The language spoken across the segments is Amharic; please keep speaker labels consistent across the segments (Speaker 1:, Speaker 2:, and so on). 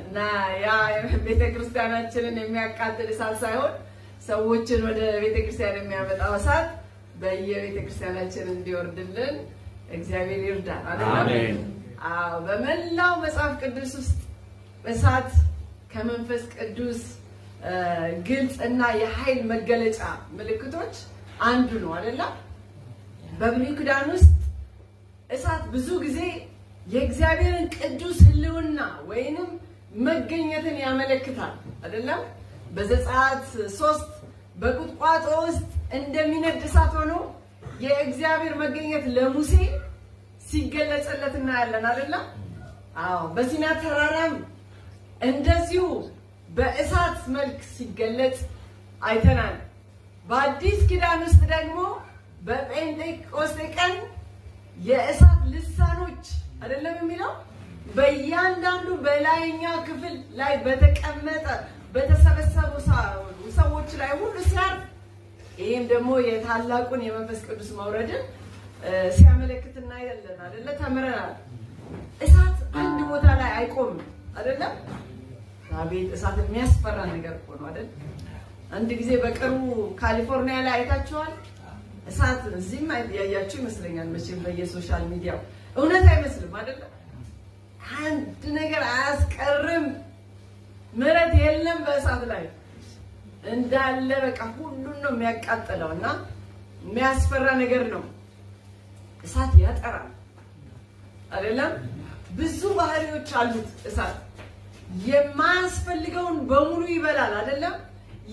Speaker 1: እና ያ ቤተክርስቲያናችንን የሚያቃጥል እሳት ሳይሆን ሰዎችን ወደ ቤተክርስቲያን የሚያመጣው እሳት በየቤተክርስቲያናችን እንዲወርድልን እግዚአብሔር ይርዳል። አሜን። አዎ፣ በመላው መጽሐፍ ቅዱስ ውስጥ እሳት ከመንፈስ ቅዱስ ግልጽ እና የኃይል መገለጫ ምልክቶች አንዱ ነው አይደለም። በብሉይ ኪዳን ውስጥ እሳት ብዙ ጊዜ የእግዚአብሔርን ቅዱስ ህልውና ወይንም መገኘትን ያመለክታል አይደለም። በዘጸአት ሶስት በቁጥቋጦ ውስጥ እንደሚነድ እሳት ሆኖ የእግዚአብሔር መገኘት ለሙሴ ሲገለጸለት እናያለን አይደለም። አዎ በሲና ተራራም እንደዚሁ በእሳት መልክ ሲገለጽ አይተናል። በአዲስ ኪዳን ውስጥ ደግሞ በጴንጤቆስጤ ቀን የእሳት ልሳኖች አይደለም የሚለው በእያንዳንዱ በላይኛ ክፍል ላይ በተቀመጠ በተሰበሰቡ ሰዎች ላይ ሁሉ ሲያርፍ፣ ይህም ደግሞ የታላቁን የመንፈስ ቅዱስ መውረድን ሲያመለክትና አይደለን አደለ? ተምረናል። እሳት አንድ ቦታ ላይ አይቆምም አይደለም? አቤት እሳት የሚያስፈራ ነገር እኮ ነው አደል? አንድ ጊዜ በቅርቡ ካሊፎርኒያ ላይ አይታችኋል። እሳት ነው። እዚህም ያያችሁ ይመስለኛል መቼም በየሶሻል ሚዲያው እውነት አይመስልም አይደለም። አንድ ነገር አያስቀርም። ምሕረት የለም በእሳት ላይ እንዳለ በቃ ሁሉን ነው የሚያቃጥለው እና የሚያስፈራ ነገር ነው። እሳት ያጠራል አይደለም። ብዙ ባህሪዎች አሉት እሳት የማያስፈልገውን በሙሉ ይበላል አይደለም።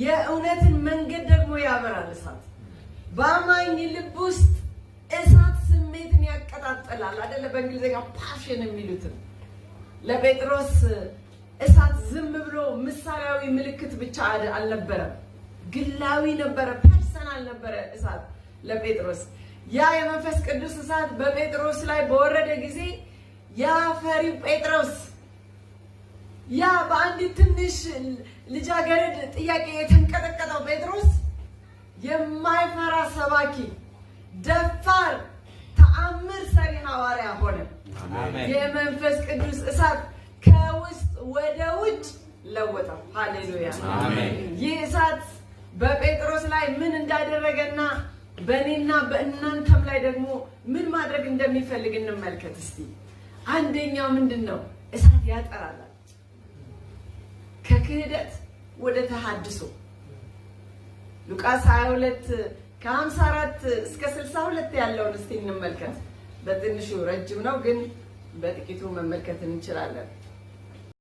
Speaker 1: የእውነትን መንገድ ደግሞ ያበራል እሳት በአማኝ ልብ ውስጥ እሳት ስሜትን ያቀጣጠላል አደለ? በእንግሊዝኛ ፓሽን የሚሉትን ለጴጥሮስ እሳት ዝም ብሎ ምሳሌያዊ ምልክት ብቻ አልነበረም፣ ግላዊ ነበረ፣ ፐርሰናል ነበረ እሳት ለጴጥሮስ። ያ የመንፈስ ቅዱስ እሳት በጴጥሮስ ላይ በወረደ ጊዜ ያ ፈሪው ጴጥሮስ ያ በአንዲት ትንሽ ልጃገረድ ጥያቄ የተንቀጠቀጠው ጴጥሮስ ሰባኪ፣ ደፋር፣ ተአምር ሰሪ ሐዋርያ ሆነ። የመንፈስ ቅዱስ እሳት ከውስጥ ወደ ውጭ ለወጠው። ሃሌሉያ! ይህ እሳት በጴጥሮስ ላይ ምን እንዳደረገና በእኔና በእናንተም ላይ ደግሞ ምን ማድረግ እንደሚፈልግ እንመልከት እስቲ። አንደኛው ምንድን ነው? እሳት ያጠራላል። ከክህደት ወደ ተሃድሶ ሉቃስ 22 ከ54 እስከ 62 ያለውን እስቲ እንመልከት። በትንሹ ረጅም ነው፣ ግን በጥቂቱ መመልከት እንችላለን።